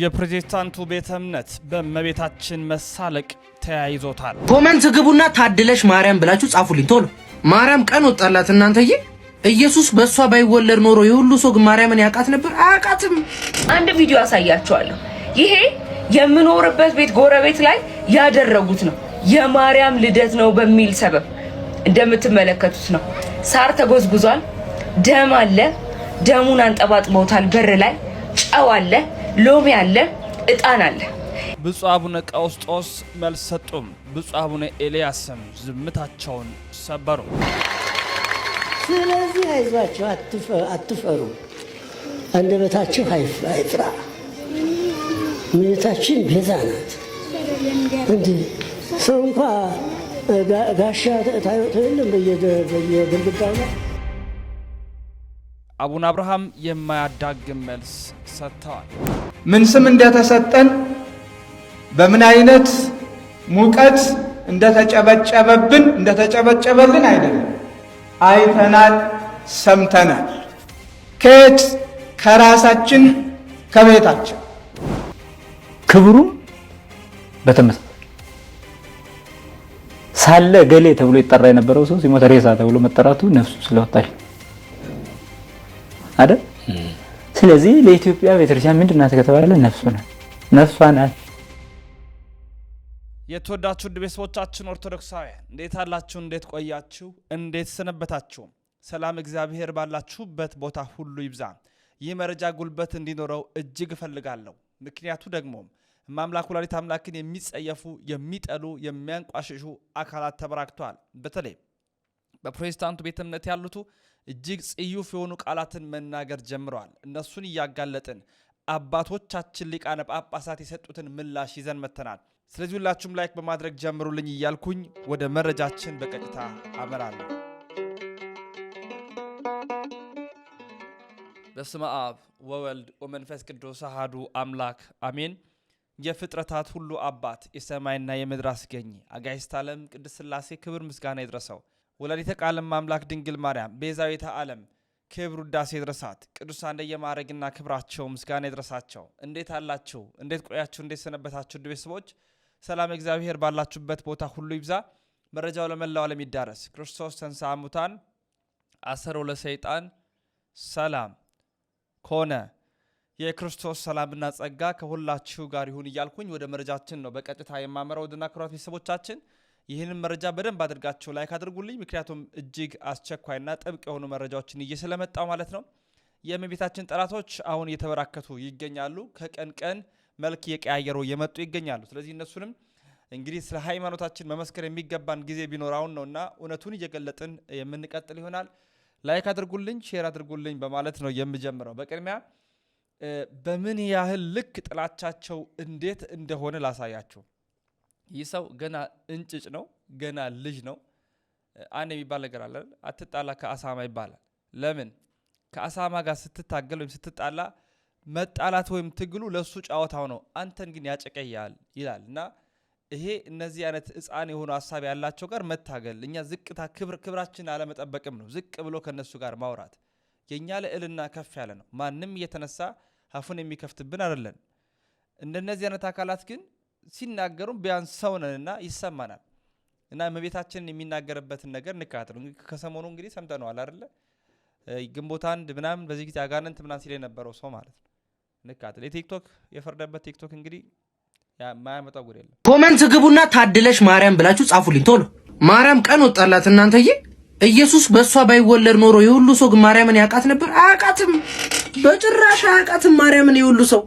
የፕሮቴስታንቱ ቤተ እምነት በእመቤታችን መሳለቅ ተያይዞታል። ኮመንት ግቡና ታድለሽ ማርያም ብላችሁ ጻፉልኝ ቶሎ። ማርያም ቀን ወጣላት እናንተዬ። ኢየሱስ በእሷ ባይወለድ ኖሮ የሁሉ ሰው ግን ማርያምን ያውቃት ነበር? አያውቃትም። አንድ ቪዲዮ አሳያችኋለሁ። ይሄ የምኖርበት ቤት ጎረቤት ላይ ያደረጉት ነው። የማርያም ልደት ነው በሚል ሰበብ እንደምትመለከቱት ነው። ሳር ተጎዝጉዟል። ደም አለ። ደሙን አንጠባጥበውታል በር ላይ ጨው አለ። ሎሚ አለ፣ እጣን አለ። ብፁዕ አቡነ ቀውስጦስ መልስ ሰጡም። ብፁዕ አቡነ ኤልያስም ዝምታቸውን ሰበሩ። ስለዚህ አይዟቸው፣ አትፈሩ፣ አንደበታችሁ አይፍራ። እመቤታችን ቤዛ ናት። እንዲ ሰው እንኳ ጋሻ ታየለም በየግድግዳው አቡነ አብርሃም የማያዳግም መልስ ሰጥተዋል። ምን ስም እንደተሰጠን በምን አይነት ሙቀት እንደተጨበጨበብን እንደተጨበጨበልን አይደለም፣ አይተናል፣ ሰምተናል። ከየት ከራሳችን ከቤታችን ክብሩ በተመሳሳይ ሳለ ገሌ ተብሎ ይጠራ የነበረው ሰው ሲሞተ ሬሳ ተብሎ መጠራቱ ነፍሱ ስለወጣች አይደል? ስለዚህ ለኢትዮጵያ ቤተክርስቲያን ምንድን ናት ከተባለ ነፍሱ ናት፣ ነፍሷ ናት። የተወዳችሁ ውድ ቤተሰቦቻችን ኦርቶዶክሳውያን እንዴት አላችሁ? እንዴት ቆያችሁ? እንዴት ሰነበታችሁ? ሰላም እግዚአብሔር ባላችሁበት ቦታ ሁሉ ይብዛ። ይህ መረጃ ጉልበት እንዲኖረው እጅግ እፈልጋለሁ። ምክንያቱ ደግሞ ማምላክ ወላዲተ አምላክን የሚጸየፉ የሚጠሉ፣ የሚያንቋሽሹ አካላት ተበራክተዋል። በተለይ በፕሮቴስታንቱ ቤተ እምነት ያሉቱ እጅግ ጽዩፍ የሆኑ ቃላትን መናገር ጀምረዋል። እነሱን እያጋለጥን አባቶቻችን ሊቃነ ጳጳሳት የሰጡትን ምላሽ ይዘን መተናል። ስለዚህ ሁላችሁም ላይክ በማድረግ ጀምሩልኝ እያልኩኝ ወደ መረጃችን በቀጥታ አመራለሁ። በስመ አብ ወወልድ ወመንፈስ ቅዱስ አሃዱ አምላክ አሜን። የፍጥረታት ሁሉ አባት የሰማይና የምድር አስገኝ አጋዕዝተ ዓለም ቅድስት ሥላሴ ክብር ምስጋና ይድረሰው። ወላዲተ ቃለ አምላክ ድንግል ማርያም ቤዛዊተ ዓለም ክብር ውዳሴ ድረሳት ቅዱሳን እንደየማዕረግና ክብራቸው ምስጋና ይድረሳቸው። እንዴት አላችሁ? እንዴት ቆያችሁ? እንዴት ሰነበታችሁ? ውድ ቤተሰቦች ሰላም እግዚአብሔር ባላችሁበት ቦታ ሁሉ ይብዛ። መረጃው ለመላው ዓለም ይዳረስ። ክርስቶስ ተንሥአ እሙታን አሰሮ ለሰይጣን ሰላም ኮነ። የክርስቶስ ሰላምና ጸጋ ከሁላችሁ ጋር ይሁን እያልኩኝ ወደ መረጃችን ነው በቀጥታ የማመራው። ውድና ክቡራት ቤተሰቦቻችን ይህንን መረጃ በደንብ አድርጋችሁ ላይክ አድርጉልኝ። ምክንያቱም እጅግ አስቸኳይና ጥብቅ የሆኑ መረጃዎችን እየ ስለመጣው ማለት ነው። የእመቤታችን ጠላቶች አሁን እየተበራከቱ ይገኛሉ። ከቀን ቀን መልክ እየቀያየሩ እየመጡ ይገኛሉ። ስለዚህ እነሱንም እንግዲህ ስለ ሃይማኖታችን መመስከር የሚገባን ጊዜ ቢኖር አሁን ነውና እውነቱን እየገለጥን የምንቀጥል ይሆናል። ላይክ አድርጉልኝ፣ ሼር አድርጉልኝ በማለት ነው የምጀምረው። በቅድሚያ በምን ያህል ልክ ጥላቻቸው እንዴት እንደሆነ ላሳያችሁ። ይህ ሰው ገና እንጭጭ ነው፣ ገና ልጅ ነው። አንድ የሚባል ነገር አለ፣ አትጣላ ከአሳማ ይባላል። ለምን ከአሳማ ጋር ስትታገል ወይም ስትጣላ መጣላት ወይም ትግሉ ለእሱ ጨዋታው ነው፣ አንተን ግን ያጨቀያል ይላል እና ይሄ እነዚህ አይነት ህፃን የሆኑ ሀሳብ ያላቸው ጋር መታገል እኛ ዝቅታ ክብራችን አለመጠበቅም ነው። ዝቅ ብሎ ከነሱ ጋር ማውራት የእኛ ልዕልና ከፍ ያለ ነው። ማንም እየተነሳ አፉን የሚከፍትብን አይደለን። እንደነዚህ አይነት አካላት ግን ሲናገሩም ቢያንስ ሰው ነንና ይሰማናል እና እመቤታችንን የሚናገርበትን ነገር እንካተል። ከሰሞኑ እንግዲህ ሰምተነዋል አይደለ? ግንቦት አንድ ምናምን በዚህ ጊዜ አጋንንት ምናምን ሲል የነበረው ሰው ማለት ነው። የቲክቶክ የፈረደበት ቲክቶክ እንግዲህ ማያመጣው ጉድ የለም። ኮመንት ግቡና ታድለሽ ማርያም ብላችሁ ጻፉልኝ ቶሎ። ማርያም ቀን ወጣላት እናንተዬ። ኢየሱስ በእሷ ባይወለድ ኖሮ የሁሉ ሰው ግን ማርያምን ያውቃት ነበር? አያውቃትም፣ በጭራሽ አያውቃትም ማርያምን የሁሉ ሰው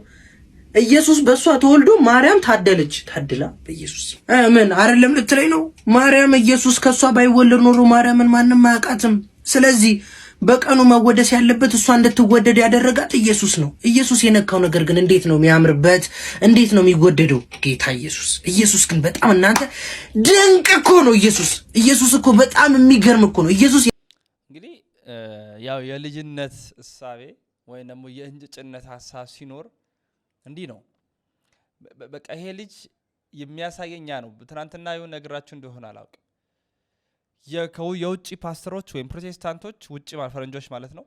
ኢየሱስ በእሷ ተወልዶ ማርያም ታደለች። ታድላ በኢየሱስ ምን አይደለም ልትለኝ ነው? ማርያም ኢየሱስ ከእሷ ባይወለድ ኖሮ ማርያምን ማንም አያውቃትም። ስለዚህ በቀኑ መወደስ ያለበት እሷ እንድትወደድ ያደረጋት ኢየሱስ ነው። ኢየሱስ የነካው ነገር ግን እንዴት ነው የሚያምርበት? እንዴት ነው የሚወደደው ጌታ ኢየሱስ። ኢየሱስ ግን በጣም እናንተ ድንቅ እኮ ነው። ኢየሱስ ኢየሱስ እኮ በጣም የሚገርም እኮ ነው። ኢየሱስ እንግዲህ ያው የልጅነት እሳቤ ወይም ደግሞ የእንጭጭነት ሀሳብ ሲኖር እንዲህ ነው። በቃ ይሄ ልጅ የሚያሳየኛ ነው። ትናንትና የሆነ ነግራችሁ እንደሆነ አላውቅም። የውጭ ፓስተሮች ወይም ፕሮቴስታንቶች ውጭ ፈረንጆች ማለት ነው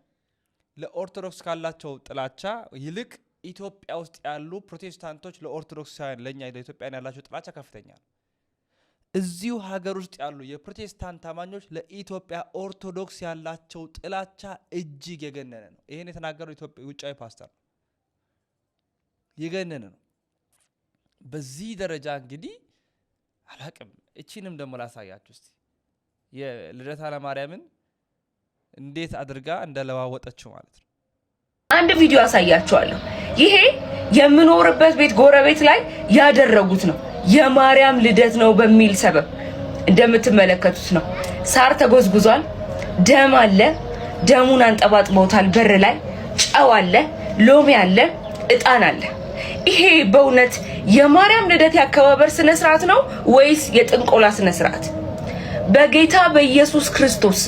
ለኦርቶዶክስ ካላቸው ጥላቻ ይልቅ ኢትዮጵያ ውስጥ ያሉ ፕሮቴስታንቶች ለኦርቶዶክሳውያን ለእኛ ለኢትዮጵያን ያላቸው ጥላቻ ከፍተኛ ነው። እዚሁ ሀገር ውስጥ ያሉ የፕሮቴስታንት አማኞች ለኢትዮጵያ ኦርቶዶክስ ያላቸው ጥላቻ እጅግ የገነነ ነው። ይህን የተናገረው ውጫዊ ፓስተር ነው። የገነነ ነው። በዚህ ደረጃ እንግዲህ አላቅም። እቺንም ደግሞ ላሳያችሁ እስቲ የልደታ ለማርያምን እንዴት አድርጋ እንደለዋወጠችው ማለት ነው። አንድ ቪዲዮ አሳያችኋለሁ። ይሄ የምኖርበት ቤት ጎረቤት ላይ ያደረጉት ነው። የማርያም ልደት ነው በሚል ሰበብ እንደምትመለከቱት ነው። ሳር ተጎዝጉዟል። ደም አለ። ደሙን አንጠባጥበውታል። በር ላይ ጨው አለ፣ ሎሚ አለ፣ እጣን አለ። ይሄ በእውነት የማርያም ልደት ያከባበር ስነ ስርዓት ነው ወይስ የጥንቆላ ስነ ስርዓት? በጌታ በኢየሱስ ክርስቶስ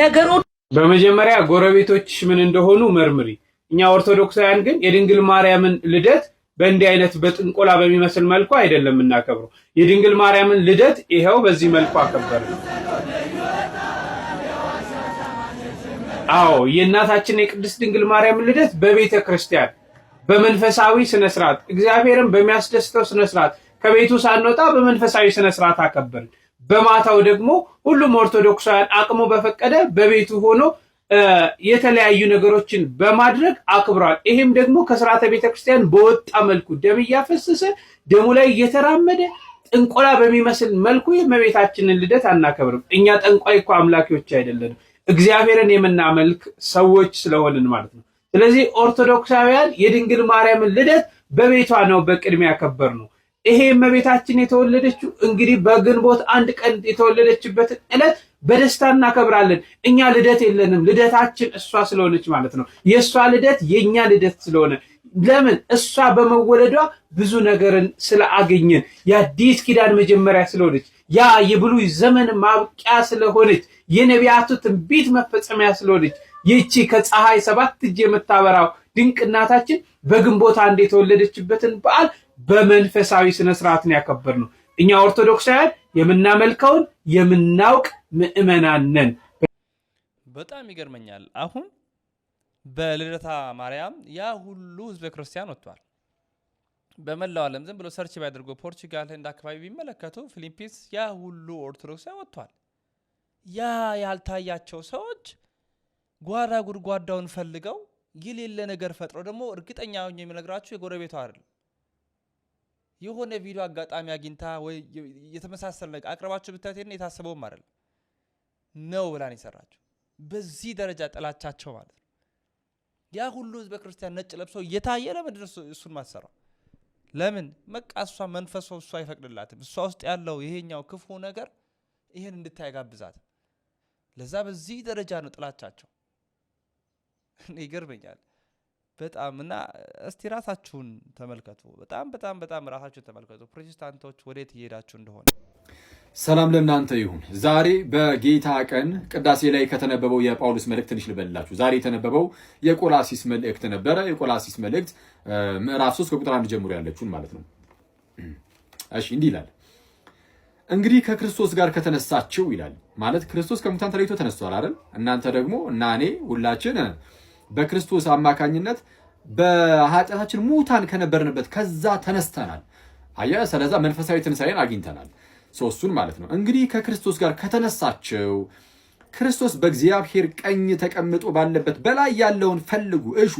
ነገሮ በመጀመሪያ ጎረቤቶች ምን እንደሆኑ መርምሪ። እኛ ኦርቶዶክሳውያን ግን የድንግል ማርያምን ልደት በእንዲህ አይነት በጥንቆላ በሚመስል መልኩ አይደለም እናከብረው። የድንግል ማርያምን ልደት ይኸው በዚህ መልኩ አከበር ነው። አዎ የእናታችን የቅድስት ድንግል ማርያምን ልደት በቤተ ክርስቲያን በመንፈሳዊ ስነስርዓት እግዚአብሔርን በሚያስደስተው ስነስርዓት ከቤቱ ሳንወጣ በመንፈሳዊ ስነስርዓት አከበርን። በማታው ደግሞ ሁሉም ኦርቶዶክሳውያን አቅሙ በፈቀደ በቤቱ ሆኖ የተለያዩ ነገሮችን በማድረግ አክብሯል። ይህም ደግሞ ከስርዓተ ቤተክርስቲያን በወጣ መልኩ ደም እያፈሰሰ ደሙ ላይ እየተራመደ ጥንቆላ በሚመስል መልኩ የእመቤታችንን ልደት አናከብርም። እኛ ጠንቋይ እኮ አምላኪዎች አይደለንም። እግዚአብሔርን የምናመልክ ሰዎች ስለሆንን ማለት ነው። ስለዚህ ኦርቶዶክሳውያን የድንግል ማርያምን ልደት በቤቷ ነው በቅድሚያ ያከበር ነው። ይሄ እመቤታችን የተወለደችው እንግዲህ በግንቦት አንድ ቀን የተወለደችበትን ዕለት በደስታ እናከብራለን። እኛ ልደት የለንም፣ ልደታችን እሷ ስለሆነች ማለት ነው። የእሷ ልደት የእኛ ልደት ስለሆነ ለምን እሷ በመወለዷ ብዙ ነገርን ስለአገኘን የአዲስ ኪዳን መጀመሪያ ስለሆነች ያ የብሉይ ዘመን ማብቂያ ስለሆነች የነቢያቱ ትንቢት መፈጸሚያ ስለሆነች ይቺ ከፀሐይ ሰባት እጅ የምታበራው ድንቅ እናታችን በግንቦት አንድ የተወለደችበትን በዓል በመንፈሳዊ ስነስርዓትን ያከበር ነው። እኛ ኦርቶዶክሳውያን የምናመልከውን የምናውቅ ምእመናነን ነን። በጣም ይገርመኛል። አሁን በልደታ ማርያም ያ ሁሉ ህዝበ ክርስቲያን ወጥቷል። በመላው ዓለም ዝም ብሎ ሰርች ቢያደርገው ፖርቹጋል፣ ህንድ አካባቢ ቢመለከቱ፣ ፊሊፒንስ ያ ሁሉ ኦርቶዶክሳውያን ወጥቷል። ያ ያልታያቸው ሰዎች ጓራ ጉድጓዳውን ፈልገው የሌለ ነገር ፈጥሮ ደግሞ እርግጠኛ ሆኜ የሚነግራችሁ የጎረቤቷ አይደል የሆነ ቪዲዮ አጋጣሚ አግኝታ ወይ የተመሳሰለ ነገር አቅርባችሁ ብታዩት የታሰበውም አይደል ነው ብላን የሰራችሁ። በዚህ ደረጃ ጥላቻቸው ማለት ነው። ያ ሁሉ ህዝበ ክርስቲያን ነጭ ለብሶ እየታየ ለምንድን እሱን ማሰራው? ለምን መቃ እሷ መንፈሷ እሷ አይፈቅድላትም። እሷ ውስጥ ያለው ይሄኛው ክፉ ነገር ይህን እንድታይ ጋብዛት። ለዛ በዚህ ደረጃ ነው ጥላቻቸው። ይገርመኛል በጣም እና እስቲ ራሳችሁን ተመልከቱ። በጣም በጣም በጣም ራሳችሁን ተመልከቱ። ፕሮቴስታንቶች ወዴት እየሄዳችሁ እንደሆነ። ሰላም ለእናንተ ይሁን። ዛሬ በጌታ ቀን ቅዳሴ ላይ ከተነበበው የጳውሎስ መልእክት ትንሽ ልበልላችሁ። ዛሬ የተነበበው የቆላሲስ መልእክት ነበረ። የቆላሲስ መልእክት ምዕራፍ 3 ከቁጥር አንድ ጀምሮ ያለችውን ማለት ነው። እሺ እንዲህ ይላል እንግዲህ ከክርስቶስ ጋር ከተነሳችው ይላል ማለት ክርስቶስ ከሙታን ተለይቶ ተነስቷል አይደል? እናንተ ደግሞ እና እኔ ሁላችን በክርስቶስ አማካኝነት በኃጢአታችን ሙታን ከነበርንበት ከዛ ተነስተናል። አየ ስለዛ መንፈሳዊ ትንሣኤን አግኝተናል። እሱን ማለት ነው እንግዲህ ከክርስቶስ ጋር ከተነሳቸው ክርስቶስ በእግዚአብሔር ቀኝ ተቀምጦ ባለበት በላይ ያለውን ፈልጉ እሹ፣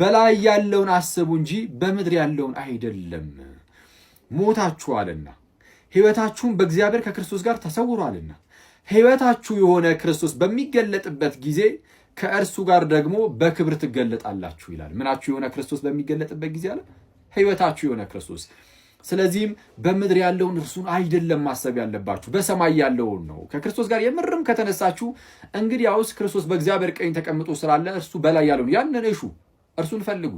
በላይ ያለውን አስቡ እንጂ በምድር ያለውን አይደለም። ሞታችኋልና ሕይወታችሁም በእግዚአብሔር ከክርስቶስ ጋር ተሰውሯልና ሕይወታችሁ የሆነ ክርስቶስ በሚገለጥበት ጊዜ ከእርሱ ጋር ደግሞ በክብር ትገለጣላችሁ ይላል። ምናችሁ የሆነ ክርስቶስ በሚገለጥበት ጊዜ አለ ህይወታችሁ የሆነ ክርስቶስ። ስለዚህም በምድር ያለውን እርሱን አይደለም ማሰብ ያለባችሁ፣ በሰማይ ያለውን ነው። ከክርስቶስ ጋር የምርም ከተነሳችሁ እንግዲያውስ ክርስቶስ በእግዚአብሔር ቀኝ ተቀምጦ ስላለ እርሱ በላይ ያለውን ያንን እሹ፣ እርሱን ፈልጉ።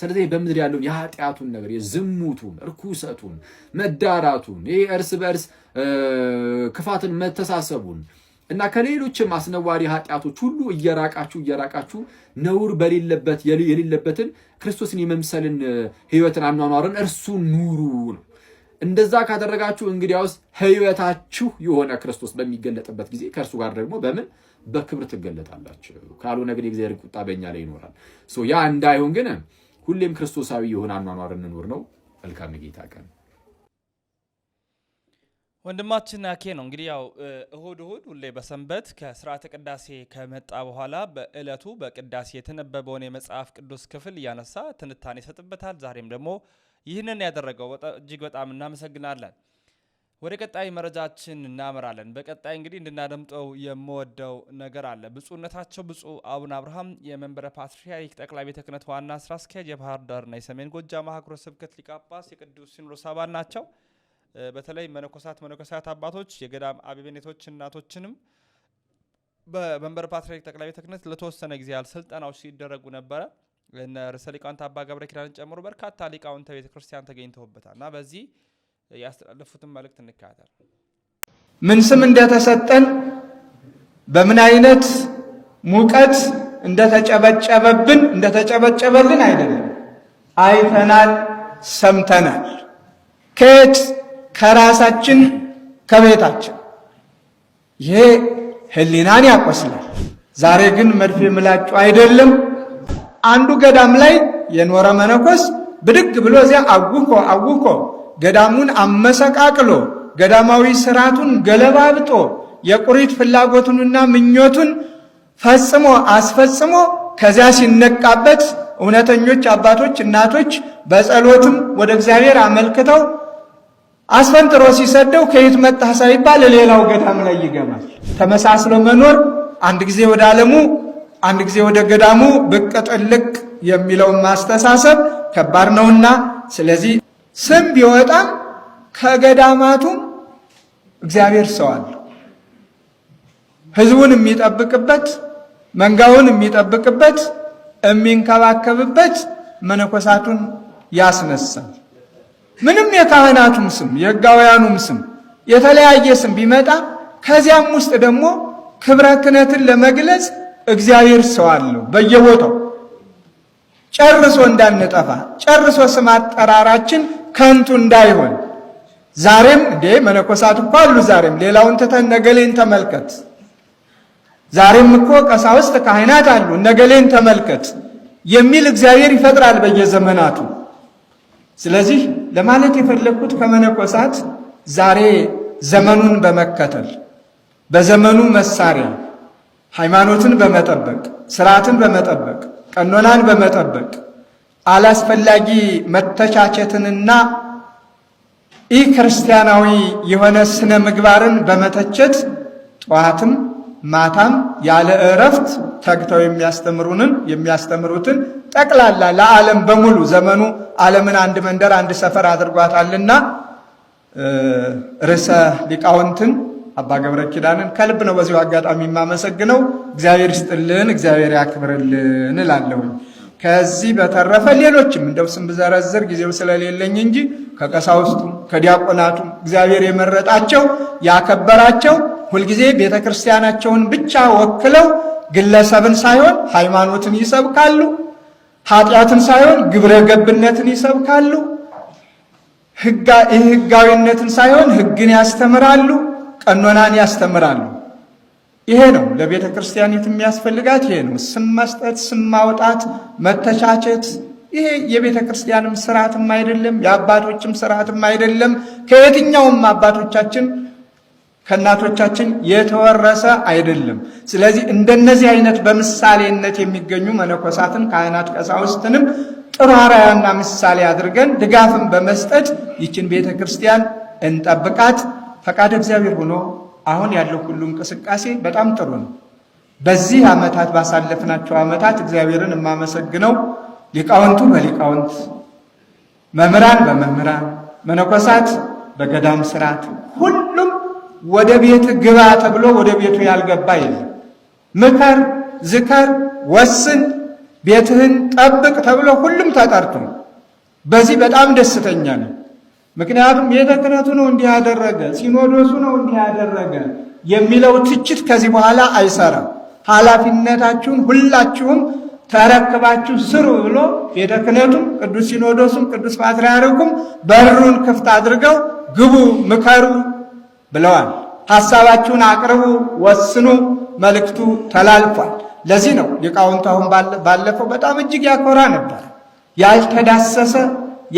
ስለዚህ በምድር ያለውን የኃጢአቱን ነገር የዝሙቱን፣ እርኩሰቱን፣ መዳራቱን፣ ይህ እርስ በእርስ ክፋትን መተሳሰቡን እና ከሌሎችም አስነዋሪ ኃጢአቶች ሁሉ እየራቃችሁ እየራቃችሁ ነውር በሌለበት የሌለበትን ክርስቶስን የመምሰልን ህይወትን አኗኗርን እርሱን ኑሩ ነው። እንደዛ ካደረጋችሁ እንግዲያውስ ህይወታችሁ የሆነ ክርስቶስ በሚገለጥበት ጊዜ ከእርሱ ጋር ደግሞ በምን በክብር ትገለጣላችሁ። ካልሆነ ግን የእግዚአብሔር ቁጣ በእኛ ላይ ይኖራል። ያ እንዳይሆን ግን ሁሌም ክርስቶሳዊ የሆነ አኗኗር እንኖር ነው። መልካም ጌታ ቀን ወንድማችን አኬ ነው እንግዲህ ያው እሁድ እሁድ ሁሌ በሰንበት ከስርዓተ ቅዳሴ ከመጣ በኋላ በእለቱ በቅዳሴ የተነበበውን የመጽሐፍ ቅዱስ ክፍል እያነሳ ትንታኔ ይሰጥበታል። ዛሬም ደግሞ ይህንን ያደረገው እጅግ በጣም እናመሰግናለን። ወደ ቀጣይ መረጃችን እናመራለን። በቀጣይ እንግዲህ እንድናደምጠው የምወደው ነገር አለ። ብፁዕነታቸው ብፁዕ አቡነ አብርሃም የመንበረ ፓትርያርክ ጠቅላይ ቤተ ክህነት ዋና ስራ አስኪያጅ፣ የባህር ዳርና የሰሜን ጎጃም ሀገረ ስብከት ሊቀ ጳጳስ፣ የቅዱስ ሲኖዶስ አባል ናቸው። በተለይ መነኮሳት መነኮሳት አባቶች የገዳም አበምኔቶች እናቶችንም በመንበረ ፓትርያርክ ጠቅላይ ቤተ ክህነት ለተወሰነ ጊዜ ያህል ስልጠናዎች ሲደረጉ ነበረ። ርዕሰ ሊቃውንት አባ ገብረ ኪዳንን ጨምሮ በርካታ ሊቃውንተ ቤተ ክርስቲያን ተገኝተውበታል እና በዚህ ያስተላለፉትን መልእክት እንካያታል። ምን ስም እንደተሰጠን በምን አይነት ሙቀት እንደተጨበጨበብን እንደተጨበጨበልን አይደለም፣ አይተናል፣ ሰምተናል። ከየት ከራሳችን ከቤታችን። ይሄ ህሊናን ያቆስላል። ዛሬ ግን መድፍ ምላጩ አይደለም። አንዱ ገዳም ላይ የኖረ መነኮስ ብድግ ብሎ እዚያ አጉኮ አጉኮ ገዳሙን አመሰቃቅሎ ገዳማዊ ስርዓቱን ገለባብጦ የቁሪት ፍላጎቱንና ምኞቱን ፈጽሞ አስፈጽሞ ከዚያ ሲነቃበት እውነተኞች አባቶች እናቶች በጸሎትም ወደ እግዚአብሔር አመልክተው አስፈንጥሮ ሲሰደው ከየት መጣህ ሳይባል ሌላው ገዳም ላይ ይገባል። ተመሳስሎ መኖር አንድ ጊዜ ወደ ዓለሙ አንድ ጊዜ ወደ ገዳሙ ብቅ ጥልቅ የሚለውን ማስተሳሰብ ከባድ ነውና፣ ስለዚህ ስም ቢወጣም ከገዳማቱም እግዚአብሔር ሰው አለ። የሚጠብቅበት መንጋውን የሚጠብቅበት የሚንከባከብበት መነኮሳቱን ያስነሳል። ምንም የካህናቱም ስም የሕጋውያኑም ስም የተለያየ ስም ቢመጣ ከዚያም ውስጥ ደግሞ ክብረ ክህነትን ለመግለጽ እግዚአብሔር ሰው አለው በየቦታው ጨርሶ እንዳንጠፋ ጨርሶ ስም አጠራራችን ከንቱ እንዳይሆን ዛሬም እንዴ መነኮሳት እኮ አሉ። ዛሬም ሌላውን ትተን ነገሌን ተመልከት። ዛሬም እኮ ቀሳውስት፣ ካህናት አሉ ነገሌን ተመልከት የሚል እግዚአብሔር ይፈጥራል በየዘመናቱ። ስለዚህ ለማለት የፈለግኩት ከመነኮሳት ዛሬ ዘመኑን በመከተል በዘመኑ መሳሪያ ሃይማኖትን በመጠበቅ ስርዓትን በመጠበቅ ቀኖናን በመጠበቅ አላስፈላጊ መተቻቸትንና ኢ ክርስቲያናዊ የሆነ ስነ ምግባርን በመተቸት ጠዋትም ማታም ያለ እረፍት ተግተው የሚያስተምሩንን የሚያስተምሩትን ጠቅላላ ለዓለም በሙሉ ዘመኑ ዓለምን አንድ መንደር አንድ ሰፈር አድርጓታልና ርዕሰ ሊቃውንትን አባ ገብረ ኪዳንን ከልብ ነው በዚሁ አጋጣሚ የማመሰግነው። እግዚአብሔር ይስጥልን፣ እግዚአብሔር ያክብርልን እላለሁኝ። ከዚህ በተረፈ ሌሎችም እንደው ስም ብዘረዝር ጊዜው ስለሌለኝ እንጂ ከቀሳውስቱም ከዲያቆናቱም እግዚአብሔር የመረጣቸው ያከበራቸው ሁልጊዜ ቤተ ክርስቲያናቸውን ብቻ ወክለው ግለሰብን ሳይሆን ሃይማኖትን ይሰብካሉ። ኃጢአትን ሳይሆን ግብረ ገብነትን ይሰብካሉ። ህጋዊነትን ሳይሆን ህግን ያስተምራሉ፣ ቀኖናን ያስተምራሉ። ይሄ ነው ለቤተ ክርስቲያኒት የሚያስፈልጋት። ይሄ ነው ስም መስጠት፣ ስም ማውጣት፣ መተቻቸት። ይሄ የቤተ ክርስቲያንም ስርዓትም አይደለም፣ የአባቶችም ስርዓትም አይደለም። ከየትኛውም አባቶቻችን ከእናቶቻችን የተወረሰ አይደለም። ስለዚህ እንደነዚህ አይነት በምሳሌነት የሚገኙ መነኮሳትን፣ ካህናት፣ ቀሳውስትንም ጥሩ አርአያና ምሳሌ አድርገን ድጋፍን በመስጠት ይችን ቤተ ክርስቲያን እንጠብቃት። ፈቃድ እግዚአብሔር ሆኖ አሁን ያለው ሁሉ እንቅስቃሴ በጣም ጥሩ ነው። በዚህ ዓመታት ባሳለፍናቸው ዓመታት እግዚአብሔርን የማመሰግነው ሊቃውንቱ በሊቃውንት መምህራን በመምህራን መነኮሳት በገዳም ስርዓት ሁሉ ወደ ቤት ግባ ተብሎ ወደ ቤቱ ያልገባ የለም። ምከር፣ ዝከር፣ ወስን፣ ቤትህን ጠብቅ ተብሎ ሁሉም ተጠርቶ በዚህ በጣም ደስተኛ ነው። ምክንያቱም ቤተ ክህነቱ ነው እንዲህ ያደረገ፣ ሲኖዶሱ ነው እንዲህ ያደረገ የሚለው ትችት ከዚህ በኋላ አይሰራም። ኃላፊነታችሁን ሁላችሁም ተረክባችሁ ስሩ ብሎ ቤተ ክህነቱም ቅዱስ ሲኖዶሱም ቅዱስ ፓትርያርኩም በሩን ክፍት አድርገው ግቡ፣ ምከሩ ብለዋል። ሐሳባችሁን አቅርቡ፣ ወስኑ። መልእክቱ ተላልፏል። ለዚህ ነው ሊቃውንቱ አሁን ባለፈው በጣም እጅግ ያኮራ ነበር። ያልተዳሰሰ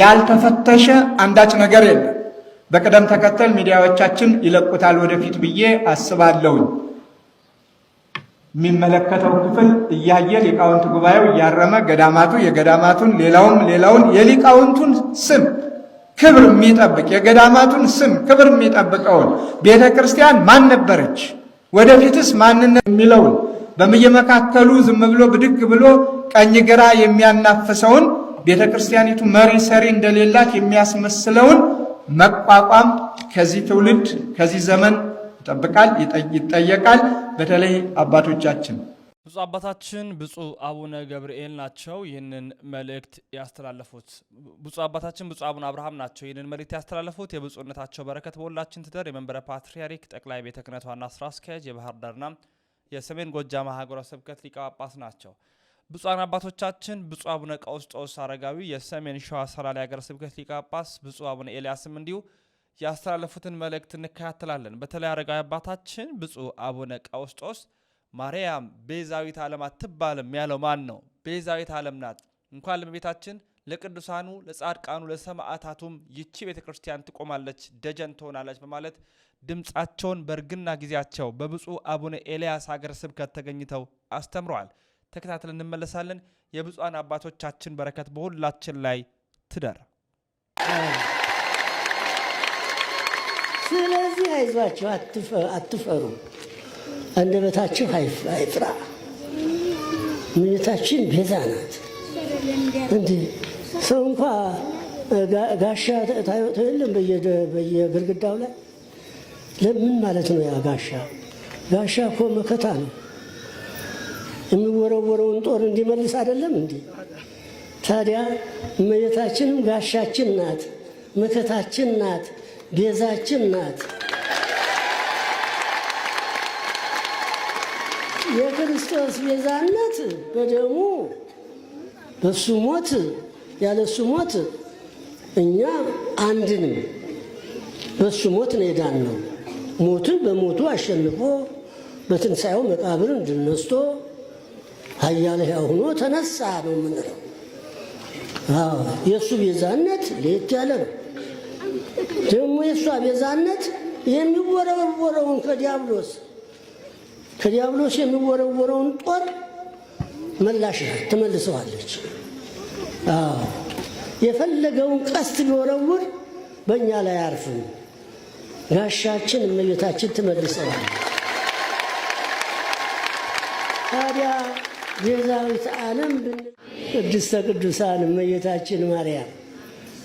ያልተፈተሸ አንዳች ነገር የለም። በቅደም ተከተል ሚዲያዎቻችን ይለቁታል ወደፊት ብዬ አስባለሁኝ። የሚመለከተው ክፍል እያየ ሊቃውንት ጉባኤው እያረመ ገዳማቱ የገዳማቱን ሌላውም ሌላውን የሊቃውንቱን ስም ክብር የሚጠብቅ የገዳማቱን ስም ክብር የሚጠብቀውን ቤተ ክርስቲያን ማን ነበረች፣ ወደፊትስ ማንነት የሚለውን በየመካከሉ ዝም ብሎ ብድግ ብሎ ቀኝ ግራ የሚያናፍሰውን ቤተ ክርስቲያኒቱ መሪ ሰሪ እንደሌላት የሚያስመስለውን መቋቋም ከዚህ ትውልድ ከዚህ ዘመን ይጠብቃል፣ ይጠየቃል። በተለይ አባቶቻችን ብፁዕ አባታችን ብፁ አቡነ ገብርኤል ናቸው ይህንን መልእክት ያስተላለፉት። ብፁ አባታችን ብፁ አቡነ አብርሃም ናቸው ይህንን መልእክት ያስተላለፉት። የብፁነታቸው በረከት በሁላችን ትደር። የመንበረ ፓትርያርክ ጠቅላይ ቤተ ክህነት ዋና ስራ አስኪያጅ የባህር ዳርና የሰሜን ጎጃም ሀገረ ስብከት ሊቀ ጳጳስ ናቸው። ብፁዓን አባቶቻችን ብፁ አቡነ ቀውስጦስ አረጋዊ የሰሜን ሸዋ ሰላሌ ሀገረ ስብከት ሊቀ ጳጳስ፣ አቡነ ኤልያስም እንዲሁ ያስተላለፉትን መልእክት እንከታተላለን። በተለይ አረጋዊ አባታችን ብፁ አቡነ ቀውስጦስ ማርያም ቤዛዊት ዓለም አትባልም ያለው ማን ነው? ቤዛዊት ዓለም ናት። እንኳን ለመቤታችን ለቅዱሳኑ፣ ለጻድቃኑ፣ ለሰማዕታቱም ይቺ ቤተ ክርስቲያን ትቆማለች፣ ደጀን ትሆናለች በማለት ድምፃቸውን በእርግና ጊዜያቸው በብፁዕ አቡነ ኤልያስ ሀገረ ስብከት ተገኝተው አስተምረዋል። ተከታትል እንመለሳለን። የብፁዓን አባቶቻችን በረከት በሁላችን ላይ ትደር። ስለዚህ አይዟቸው፣ አትፈሩ አንደበታችሁ አይፍራ። እመቤታችን ቤዛ ናት። እንዲ ሰው እንኳ ጋሻ ታይቶ የለም በየግድግዳው ላይ ለምን ማለት ነው? ያ ጋሻ ጋሻ እኮ መከታ ነው። የሚወረወረውን ጦር እንዲመልስ አይደለም እንዲ። ታዲያ እመቤታችንም ጋሻችን ናት፣ መከታችን ናት፣ ቤዛችን ናት። የክርስቶስ ቤዛነት በደሙ በሱ ሞት ያለሱ ሞት እኛ አንድንም በሱ ሞት ነው ነው። ሞትን በሞቱ አሸንፎ በትንሣኤው መቃብርን ድል ነስቶ ኃያል ሕያው ሆኖ ተነሳ ነው የምንለው። የእሱ ቤዛነት ለየት ያለ ነው። ደግሞ የእሷ ቤዛነት የሚወረወረውን ከዲያብሎስ ከዲያብሎስ የሚወረወረውን ጦር መላሽ ትመልሰዋለች። የፈለገውን ቀስት ቢወረውር በእኛ ላይ አርፍም ጋሻችን እመቤታችን ትመልሰዋለች። ታዲያ ቤዛዊት ዓለም ብን ቅድስተ ቅዱሳን እመቤታችን ማርያም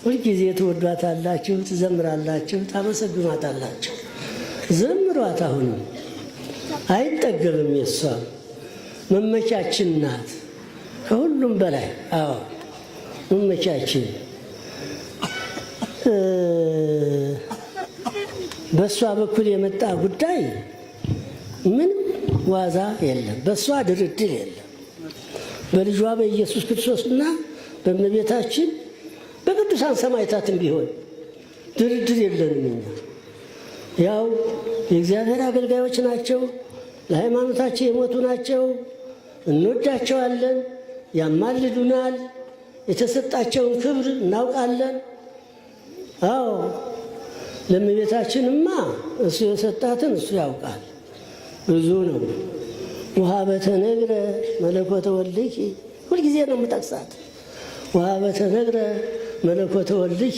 ሁልጊዜ ትወዷታላችሁ፣ ትዘምራላችሁ፣ ታመሰግኗታላችሁ። ዘምሯት አሁንም አይጠገብም። የሷ መመቻችን ናት ከሁሉም በላይ አዎ መመቻችን በእሷ በኩል የመጣ ጉዳይ ምንም ዋዛ የለም። በእሷ ድርድር የለም። በልጇ በኢየሱስ ክርስቶስና በእመቤታችን በቅዱሳን ሰማዕታትም ቢሆን ድርድር የለንም። እኛ ያው የእግዚአብሔር አገልጋዮች ናቸው። ለሃይማኖታቸው የሞቱ ናቸው። እንወዳቸዋለን፣ ያማልዱናል፣ የተሰጣቸውን ክብር እናውቃለን። አዎ ለእመቤታችንማ እሱ የሰጣትን እሱ ያውቃል። ብዙ ነው። ውሃ በተነግረ መለኮተ ወልኪ ሁልጊዜ ነው የምጠቅሳት። ውሃ በተነግረ መለኮተ ወልኪ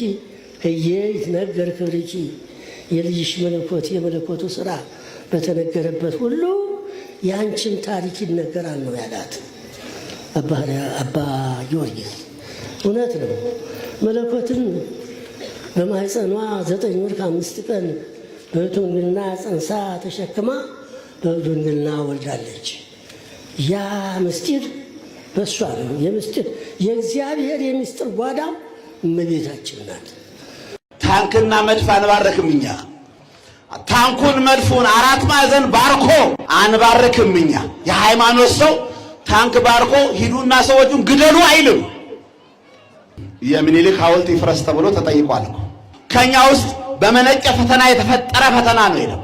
እየ ይትነገር ክብርኪ የልጅሽ መለኮት የመለኮቱ ስራ በተነገረበት ሁሉ የአንቺን ታሪክ ይነገራል ነው ያላት አባ ጊዮርጊስ። እውነት ነው። መለኮትን በማህፀኗ ዘጠኝ ወር ከአምስት ቀን በድንግልና ፀንሳ ተሸክማ በድንግልና ወልዳለች። ያ ምስጢር በእሷ ነው። የምስጢር የእግዚአብሔር የምስጢር ጓዳ እመቤታችን ናት። ታንክና መድፍ አንባረክም እኛ ታንኩን መድፉን አራት ማዕዘን ባርኮ አንባርክም። እኛ የሃይማኖት ሰው ታንክ ባርኮ ሂዱና ሰዎቹን ግደሉ አይልም። የሚኒሊክ ሐውልት ይፍረስ ተብሎ ተጠይቋል እኮ ከኛ ውስጥ በመነጨ ፈተና የተፈጠረ ፈተና ነው። ይለም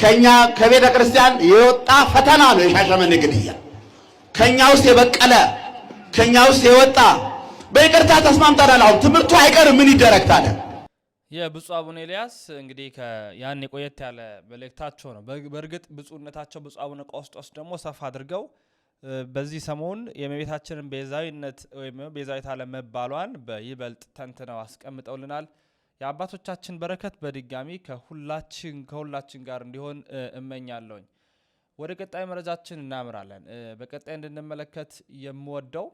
ከኛ ከቤተ ክርስቲያን የወጣ ፈተና ነው። የሻሸመኔ ግድያ ከኛ ውስጥ የበቀለ ከኛ ውስጥ የወጣ በይቅርታ ተስማምተናል። አሁን ትምህርቱ አይቀርም። ምን ይደረግ ታዲያ? የብፁዕ አቡነ ኤልያስ እንግዲህ ያን ቆየት ያለ መልእክታቸው ነው። በእርግጥ ብፁነታቸው ብፁዕ አቡነ ቀውስጦስ ደግሞ ሰፋ አድርገው በዚህ ሰሞን የመቤታችንን ቤዛዊነት ወይም ቤዛዊት አለመባሏን በይበልጥ ተንትነው አስቀምጠውልናል። የአባቶቻችን በረከት በድጋሚ ከሁላችን ከሁላችን ጋር እንዲሆን እመኛለሁኝ። ወደ ቀጣይ መረጃችን እናምራለን። በቀጣይ እንድንመለከት የምወደው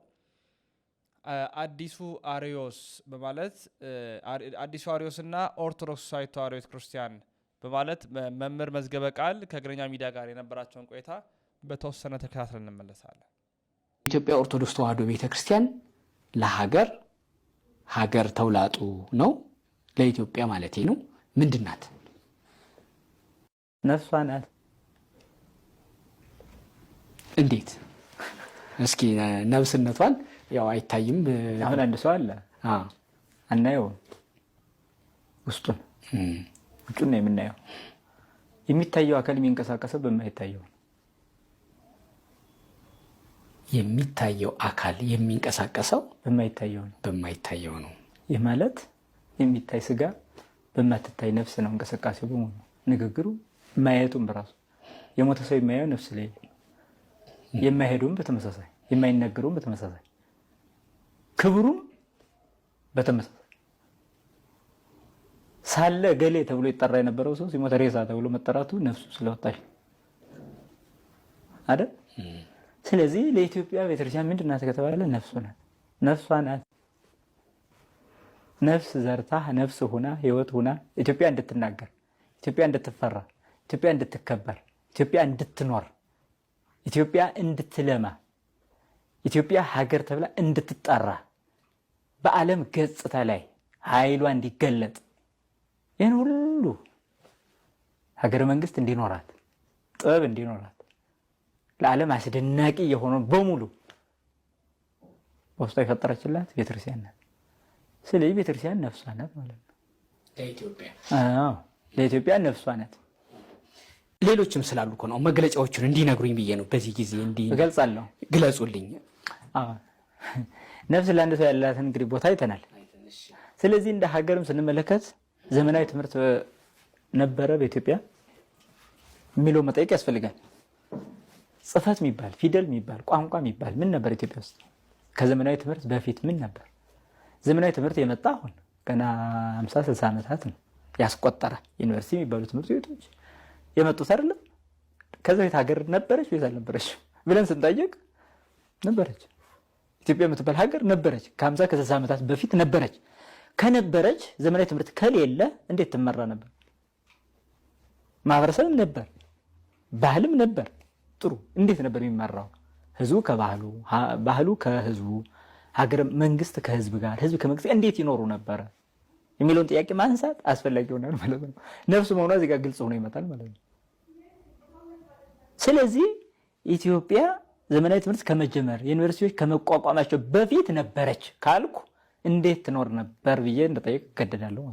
አዲሱ አሪዮስ በማለት አዲሱ አሪዮስና ኦርቶዶክስ ሳይቶ አሪዮስ ክርስቲያን በማለት መምህር መዝገበ ቃል ከእግረኛ ሚዲያ ጋር የነበራቸውን ቆይታ በተወሰነ ተከታትለን እንመለሳለን። ኢትዮጵያ ኦርቶዶክስ ተዋሕዶ ቤተ ክርስቲያን ለሀገር ሀገር ተውላጡ ነው። ለኢትዮጵያ ማለት ነው። ምንድን ናት? ነፍሷ ናት። እንዴት? እስኪ ነብስነቷን ያው አይታይም። አሁን አንድ ሰው አለ አናየውም። ውስጡን ውጩን ነው የምናየው። የሚታየው አካል የሚንቀሳቀሰው በማይታየው የሚታየው አካል የሚንቀሳቀሰው በማይታየው ነው በማይታየው ነው። ይህ ማለት የሚታይ ስጋ በማትታይ ነፍስ ነው። እንቅስቃሴው በሙሉ ንግግሩ፣ ማየቱም በራሱ የሞተ ሰው የማየው ነፍስ ላይ የማይሄዱም በተመሳሳይ የማይነገሩም በተመሳሳይ ክብሩም በተመሳሳይ ሳለ ገሌ ተብሎ ይጠራ የነበረው ሰው ሲሞት ሬሳ ተብሎ መጠራቱ ነፍሱ ስለወጣች ነው አይደል? ስለዚህ ለኢትዮጵያ ቤተክርስቲያን ምንድን ናት ከተባለ ነፍሱ ናት። ነፍሷ ናት። ነፍስ ዘርታ ነፍስ ሁና ህይወት ሁና ኢትዮጵያ እንድትናገር፣ ኢትዮጵያ እንድትፈራ፣ ኢትዮጵያ እንድትከበር፣ ኢትዮጵያ እንድትኖር፣ ኢትዮጵያ እንድትለማ፣ ኢትዮጵያ ሀገር ተብላ እንድትጠራ በዓለም ገጽታ ላይ ኃይሏ እንዲገለጥ ይህን ሁሉ ሀገረ መንግስት እንዲኖራት ጥበብ እንዲኖራት ለዓለም አስደናቂ የሆነ በሙሉ በውስጧ የፈጠረችላት ቤተክርስቲያን ናት። ስለዚህ ቤተክርስቲያን ነፍሷ ናት ማለት ነው። ለኢትዮጵያ ነፍሷ ናት። ሌሎችም ስላሉ እኮ ነው መግለጫዎቹን እንዲነግሩኝ ብዬ ነው። በዚህ ጊዜ እንዲህ እገልጻለሁ። ግለጹልኝ ነፍስ ለአንድ ሰው ያላትን እንግዲህ ቦታ አይተናል። ስለዚህ እንደ ሀገርም ስንመለከት ዘመናዊ ትምህርት ነበረ በኢትዮጵያ የሚለው መጠየቅ ያስፈልጋል። ጽፈት የሚባል ፊደል የሚባል ቋንቋ የሚባል ምን ነበር ኢትዮጵያ ውስጥ? ከዘመናዊ ትምህርት በፊት ምን ነበር? ዘመናዊ ትምህርት የመጣ አሁን ገና 50 ስልሳ ዓመታት ነው ያስቆጠረ። ዩኒቨርሲቲ የሚባሉ ትምህርት ቤቶች የመጡት አይደለም። ከዚ ቤት ሀገር ነበረች ወይስ አልነበረች ብለን ስንጠየቅ ነበረች። ኢትዮጵያ የምትባል ሀገር ነበረች። ከ50 ከ60 ዓመታት በፊት ነበረች። ከነበረች ዘመናዊ ትምህርት ከሌለ እንዴት ትመራ ነበር? ማህበረሰብም ነበር፣ ባህልም ነበር። ጥሩ እንዴት ነበር የሚመራው? ህዝቡ ከባህሉ፣ ባህሉ ከህዝቡ፣ ሀገር መንግስት ከህዝብ ጋር፣ ህዝብ ከመንግስት እንዴት ይኖሩ ነበረ የሚለውን ጥያቄ ማንሳት አስፈላጊ ይሆናል ማለት ነው። ነፍሱ መሆኗ እዚህ ጋር ግልጽ ሆኖ ይመጣል ማለት ነው። ስለዚህ ኢትዮጵያ ዘመናዊ ትምህርት ከመጀመር ዩኒቨርሲቲዎች ከመቋቋማቸው በፊት ነበረች ካልኩ እንዴት ትኖር ነበር ብዬ እንደጠየቅ እገደዳለሁ።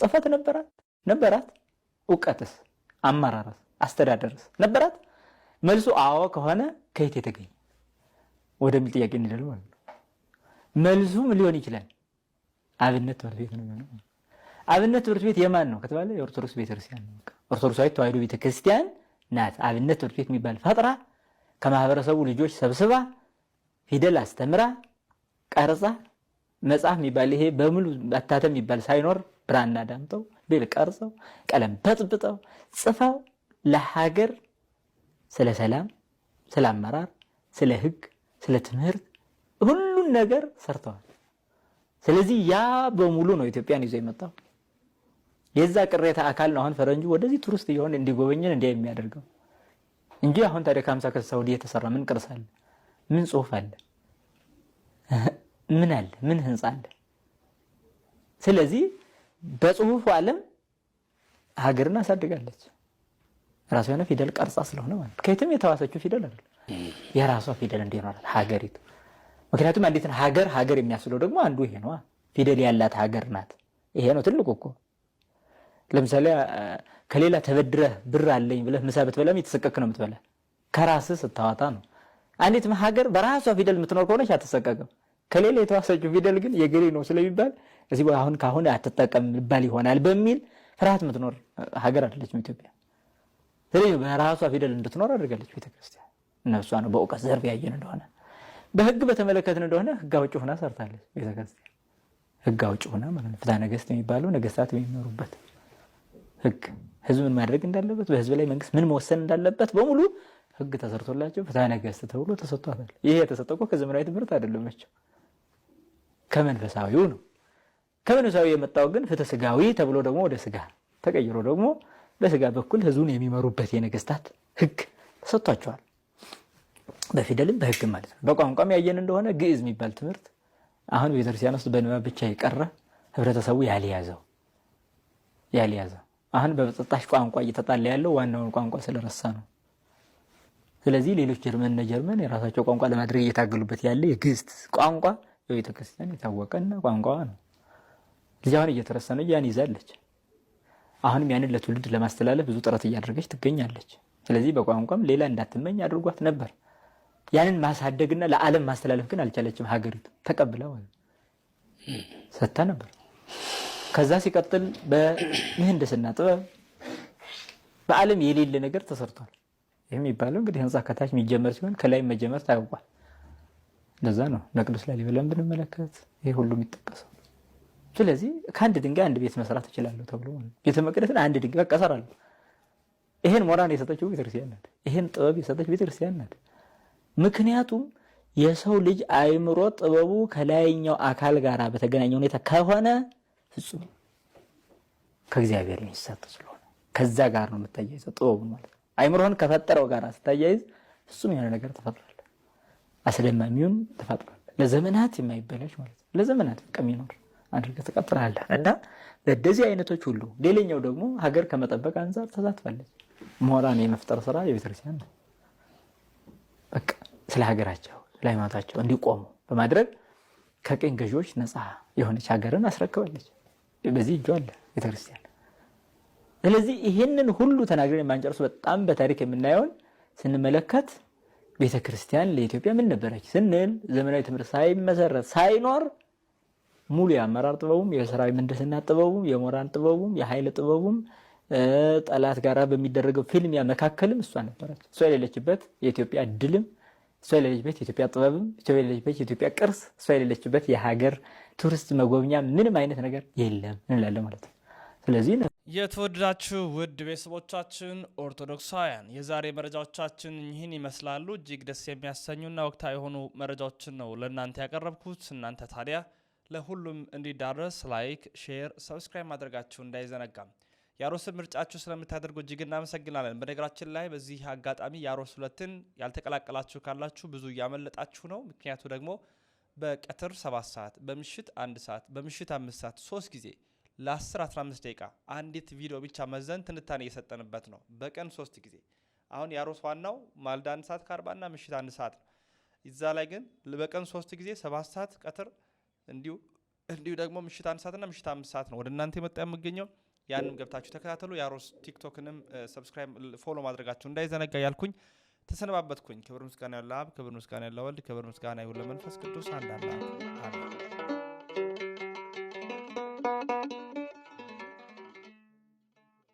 ጽፈት ነበራት ነበራት። እውቀትስ፣ አመራረስ፣ አስተዳደርስ ነበራት? መልሱ አዎ ከሆነ ከየት የተገኘ ወደሚል ጥያቄ እንሄዳለን ማለት ነው። መልሱም ሊሆን ይችላል አብነት ትምህርት ቤት ነው አብነት ትምህርት ቤት የማን ነው ከተባለ የኦርቶዶክስ ቤተክርስቲያን ነው። ኦርቶዶክሳዊት ተዋሕዶ ቤተክርስቲያን ናት አብነት ትምህርት ቤት የሚባል ፈጥራ ከማህበረሰቡ ልጆች ሰብስባ ፊደል አስተምራ ቀርጻ መጽሐፍ የሚባል ይሄ በሙሉ አታተም የሚባል ሳይኖር ብራና ዳምጠው ቤል ቀርጸው ቀለም በጥብጠው ጽፈው ለሀገር ስለ ሰላም፣ ስለ አመራር፣ ስለ ህግ፣ ስለ ትምህርት ሁሉን ነገር ሰርተዋል። ስለዚህ ያ በሙሉ ነው ኢትዮጵያን ይዞ የመጣው። የዛ ቅሬታ አካል ነው አሁን ፈረንጁ ወደዚህ ቱሪስት እየሆን እንዲጎበኝን እንዲያ የሚያደርገው። እንጂ አሁን ታዲያ ከሀምሳ ከሳውዲ የተሰራ ምን ቅርስ አለ? ምን ጽሁፍ አለ? ምን አለ? ምን ህንፃ አለ? ስለዚህ በጽሁፉ ዓለም ሀገርን አሳድጋለች። ራሷ የሆነ ፊደል ቀርጻ ስለሆነ ማለት ከየትም የተዋሰችው ፊደል አለ የራሷ ፊደል እንዲኖራት ሀገሪቱ። ምክንያቱም አንዲትን ሀገር ሀገር የሚያስለው ደግሞ አንዱ ይሄ ነዋ። ፊደል ያላት ሀገር ናት። ይሄ ነው ትልቁ እኮ ለምሳሌ ከሌላ ተበድረህ ብር አለኝ ብለህ ምሳ ብትበላም የተሰቀክ ነው የምትበላ። ከራስ ስታዋጣ ነው። አንዲት ሀገር በራሷ ፊደል የምትኖር ከሆነች አትሰቀቅም። ከሌላ የተዋሰችው ፊደል ግን የገሌ ነው ስለሚባል እዚህ አሁን ከአሁን አትጠቀም ይባል ይሆናል በሚል ፍርሃት የምትኖር ሀገር አይደለችም ኢትዮጵያ። ስለዚህ በራሷ ፊደል እንድትኖር አድርጋለች ቤተክርስቲያን። እነሷ ነው በእውቀት ዘርፍ ያየን እንደሆነ በህግ በተመለከትን እንደሆነ ህግ አውጭ ሁና ሰርታለች ቤተክርስቲያን። ህግ አውጭ ሁና ማለት ፍትሐ ነገስት የሚባለው ነገስታት የሚኖሩበት ህግ ህዝብ ምን ማድረግ እንዳለበት፣ በህዝብ ላይ መንግስት ምን መወሰን እንዳለበት በሙሉ ህግ ተሰርቶላቸው ፍትሐ ነገሥት ተብሎ ተሰጥቷታል። ይሄ የተሰጠው እኮ ከዘመናዊ ትምህርት አይደለም፣ ከመንፈሳዊው ነው። ከመንፈሳዊ የመጣው ግን ፍትህ ስጋዊ ተብሎ ደግሞ ወደ ስጋ ተቀይሮ ደግሞ በስጋ በኩል ህዝቡን የሚመሩበት የነገስታት ህግ ተሰጥቷቸዋል። በፊደልም በህግ ማለት ነው። በቋንቋም ያየን እንደሆነ ግዕዝ የሚባል ትምህርት አሁን ቤተክርስቲያን ውስጥ በንባብ ብቻ የቀረ ህብረተሰቡ ያልያዘው ያልያዘው አሁን በተጣጣሽ ቋንቋ እየተጣላ ያለው ዋናውን ቋንቋ ስለረሳ ነው። ስለዚህ ሌሎች ጀርመን እና ጀርመን የራሳቸው ቋንቋ ለማድረግ እየታገሉበት ያለ የግዕዝ ቋንቋ የቤተ ክርስቲያን የታወቀና ቋንቋዋ ነው። እዚህ አሁን እየተረሳ ነው፣ ያን ይዛለች። አሁንም ያንን ለትውልድ ለማስተላለፍ ብዙ ጥረት እያደረገች ትገኛለች። ስለዚህ በቋንቋም ሌላ እንዳትመኝ አድርጓት ነበር። ያንን ማሳደግና ለዓለም ማስተላለፍ ግን አልቻለችም። ሀገሪቱ ተቀብላ ሰታ ነበር። ከዛ ሲቀጥል በምህንድስና ጥበብ በዓለም የሌለ ነገር ተሰርቷል። ይህ የሚባለው እንግዲህ ህንፃ ከታች የሚጀመር ሲሆን ከላይ መጀመር ታውቋል። እንደዛ ነው። ቅዱስ ላሊበላን ብንመለከት ይህ ሁሉ የሚጠቀሰው ስለዚህ ከአንድ ድንጋይ አንድ ቤት መስራት እችላለሁ ተብሎ ቤተ መቅደስን አንድ ድንጋይ በቃ እሰራለሁ። ይሄን ሞራን የሰጠችው ቤተክርስቲያን ናት። ይሄን ጥበብ የሰጠች ቤተክርስቲያን ናት። ምክንያቱም የሰው ልጅ አይምሮ ጥበቡ ከላይኛው አካል ጋር በተገናኘ ሁኔታ ከሆነ ፍጹም ከእግዚአብሔር የሚሰጥ ስለሆነ ከዛ ጋር ነው የምታያይዘው ጥበቡ ማለት ነው። አይምሮህን ከፈጠረው ጋር ስታያይዝ ፍጹም የሆነ ነገር ተፈጥሯል። አስደማሚውን ተፈጥሯል። ለዘመናት የማይበላሽ ማለት ነው። ለዘመናት በቃ የሚኖር አድርገህ ትቀጥላለህ እና እንደዚህ አይነቶች ሁሉ ሌላኛው ደግሞ ሀገር ከመጠበቅ አንጻር ተሳትፋለች። ምሁራን የመፍጠር ስራ የቤተክርስቲያን ነው። በቃ ስለ ሀገራቸው ስለ ሃይማኖታቸው እንዲቆሙ በማድረግ ከቅኝ ገዢዎች ነፃ የሆነች ሀገርን አስረክባለች። በዚህ እጇ አለ ቤተክርስቲያን። ስለዚህ ይህንን ሁሉ ተናግረን የማንጨርሱ በጣም በታሪክ የምናየውን ስንመለከት ቤተክርስቲያን ለኢትዮጵያ ምን ነበረች ስንል ዘመናዊ ትምህርት ሳይመሰረት ሳይኖር ሙሉ የአመራር ጥበቡም የሰራዊ ምንድስና ጥበቡም የሞራል ጥበቡም የኃይል ጥበቡም ጠላት ጋራ በሚደረገው ፊልሚያ መካከልም እሷ ነበረች። እሷ የሌለችበት የኢትዮጵያ ድልም፣ እሷ የሌለችበት የኢትዮጵያ ጥበብም፣ እሷ የሌለችበት የኢትዮጵያ ቅርስ፣ እሷ የሌለችበት የሀገር ቱሪስት መጎብኛ ምንም አይነት ነገር የለም እንላለን ማለት ነው። ስለዚህ የተወደዳችሁ ውድ ቤተሰቦቻችን ኦርቶዶክሳውያን የዛሬ መረጃዎቻችን ይህን ይመስላሉ። እጅግ ደስ የሚያሰኙና ወቅታዊ የሆኑ መረጃዎችን ነው ለእናንተ ያቀረብኩት። እናንተ ታዲያ ለሁሉም እንዲዳረስ ላይክ፣ ሼር፣ ሰብስክራይብ ማድረጋችሁ እንዳይዘነጋም የአሮስን ምርጫችሁ ስለምታደርጉ እጅግ እናመሰግናለን። በነገራችን ላይ በዚህ አጋጣሚ የአሮስ ሁለትን ያልተቀላቀላችሁ ካላችሁ ብዙ እያመለጣችሁ ነው። ምክንያቱ ደግሞ በቀትር 7 ሰዓት፣ በምሽት 1 ሰዓት፣ በምሽት 5 ሰዓት 3 ጊዜ ለ10-15 ደቂቃ አንዲት ቪዲዮ ብቻ መዘን ትንታኔ እየሰጠንበት ነው። በቀን 3 ጊዜ አሁን ያሮስ ዋናው ማልዳ 1 ሰዓት ከ40 እና ምሽት 1 ሰዓት ነው። እዛ ላይ ግን በቀን 3 ጊዜ 7 ሰዓት ቀትር እንዲሁ እንዲሁ ደግሞ ምሽት 1 ሰዓትና ምሽት 5 ሰዓት ነው ወደ እናንተ የመጣ የምገኘው። ያንም ገብታችሁ ተከታተሉ። ያሮስ ቲክቶክንም ሰብስክራይብ ፎሎ ማድረጋችሁ እንዳይዘነጋ ያልኩኝ ተሰነባበትኩኝ። ክብር ምስጋና ያለው አብ፣ ክብር ምስጋና ያለው ወልድ፣ ክብር ምስጋና ይሁን ለመንፈስ ቅዱስ አንድ አምላክ አሜን።